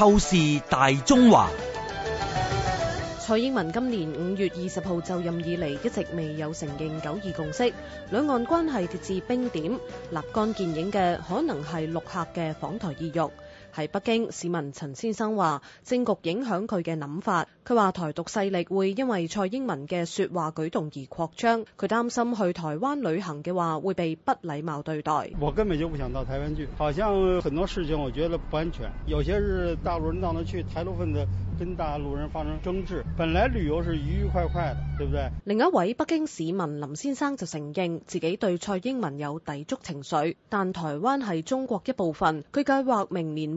透視大中華，蔡英文今年五月二十號就任以嚟，一直未有承認九二共識，兩岸關係跌至冰點，立竿見影嘅可能係陸客嘅訪台意欲。喺北京，市民陳先生話，政局影響佢嘅諗法。佢話台獨勢力會因為蔡英文嘅說話舉動而擴張，佢擔心去台灣旅行嘅話會被不禮貌對待。我根本就不想到台灣去，好像很多事情我覺得不安全。有些是大陸人到那去，台獨分子跟大陸人發生爭執。本來旅遊是愉愉快快的，對唔對？另一位北京市民林先生就承認自己對蔡英文有抵觸情緒，但台灣係中國一部分。佢計劃明年。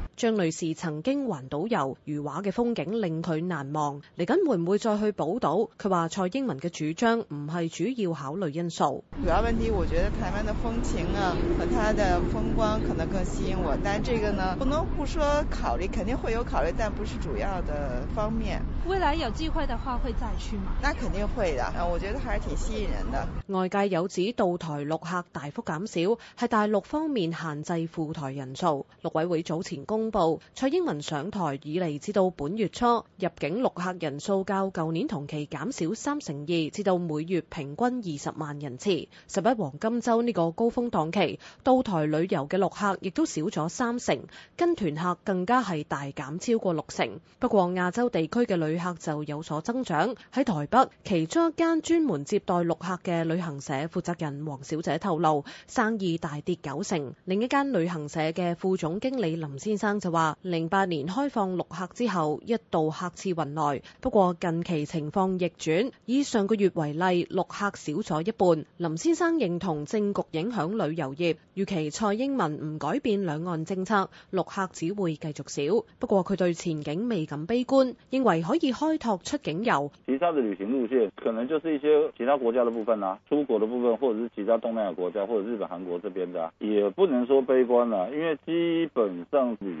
張女士曾經環島遊，如畫嘅風景令佢難忘。嚟緊會唔會再去寶島？佢話蔡英文嘅主張唔係主要考慮因素。主要問題我覺得台灣的風情啊和它的風光可能更吸引我，但這個呢不能不說考慮，肯定會有考慮，但不是主要的方面。未來有機會的話會再去嗎？那肯定會的，我覺得還是挺吸引人的。外界有指到台陸客大幅減少，係大陸方面限制赴台人數。陸委會早前公公布蔡英文上台以嚟至到本月初入境陸客人數較舊年同期減少三成二，至到每月平均二十萬人次。十一黃金周呢個高峰檔期，到台旅遊嘅陸客亦都少咗三成，跟團客更加係大減超過六成。不過亞洲地區嘅旅客就有所增長。喺台北，其中一間專門接待陸客嘅旅行社負責人黃小姐透露，生意大跌九成。另一間旅行社嘅副總經理林先生。就話零八年開放陸客之後一度客似雲來，不過近期情況逆轉。以上個月為例，陸客少咗一半。林先生認同政局影響旅遊業，預期蔡英文唔改變兩岸政策，陸客只會繼續少。不過佢對前景未咁悲觀，認為可以開拓出境遊。其他的旅行路線可能就是一些其他國家的部分啦，啊，出國的部分，或者是其他東南亞國家或者日本、韓國這邊的，也不能說悲觀啦，因為基本上旅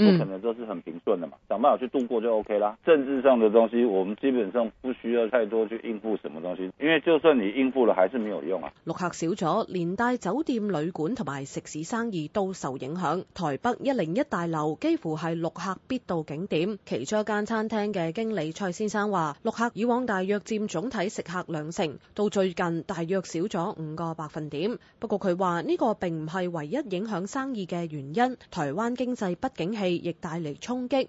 不、嗯、可能都是很平順的嘛，想辦法去度過就 OK 啦。政治上的東西，我們基本上不需要太多去應付什麼東西，因為就算你應付了，還是沒有用啊。陸客少咗，連帶酒店、旅館同埋食肆生意都受影響。台北一零一大樓幾乎係陸客必到景點，其中一間餐廳嘅經理蔡先生話，陸客以往大約佔總體食客兩成，到最近大約少咗五個百分點。不過佢話呢個並唔係唯一影響生意嘅原因，台灣經濟不景氣。亦帶嚟衝擊。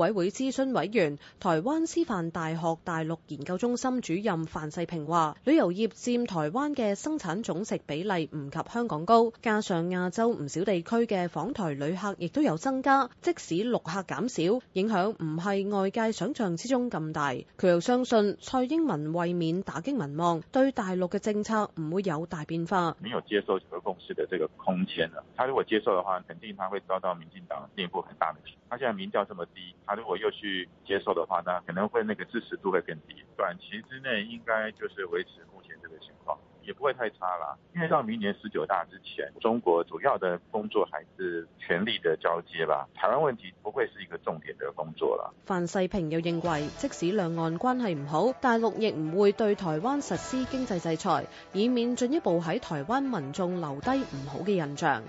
委會諮詢委員、台灣師範大學大陸研究中心主任范世平話：旅遊業占台灣嘅生產總值比例唔及香港高，加上亞洲唔少地區嘅訪台旅客亦都有增加，即使陸客減少，影響唔係外界想象之中咁大。佢又相信蔡英文為免打擊民望，對大陸嘅政策唔會有大變化。他他、啊、他如果接受的的話肯定他會遭到民進黨很大他現在民調這麼低他如果又去接受的話呢，那可能會那個支持度會更低。短期之內應該就是維持目前這個情況，也不會太差啦。因為到明年十九大之前，中國主要的工作還是權力的交接吧。台灣問題不會是一個重點的工作啦。範世平又認為，即使兩岸關係唔好，大陸亦唔會對台灣實施經濟制裁，以免進一步喺台灣民眾留低唔好嘅印象。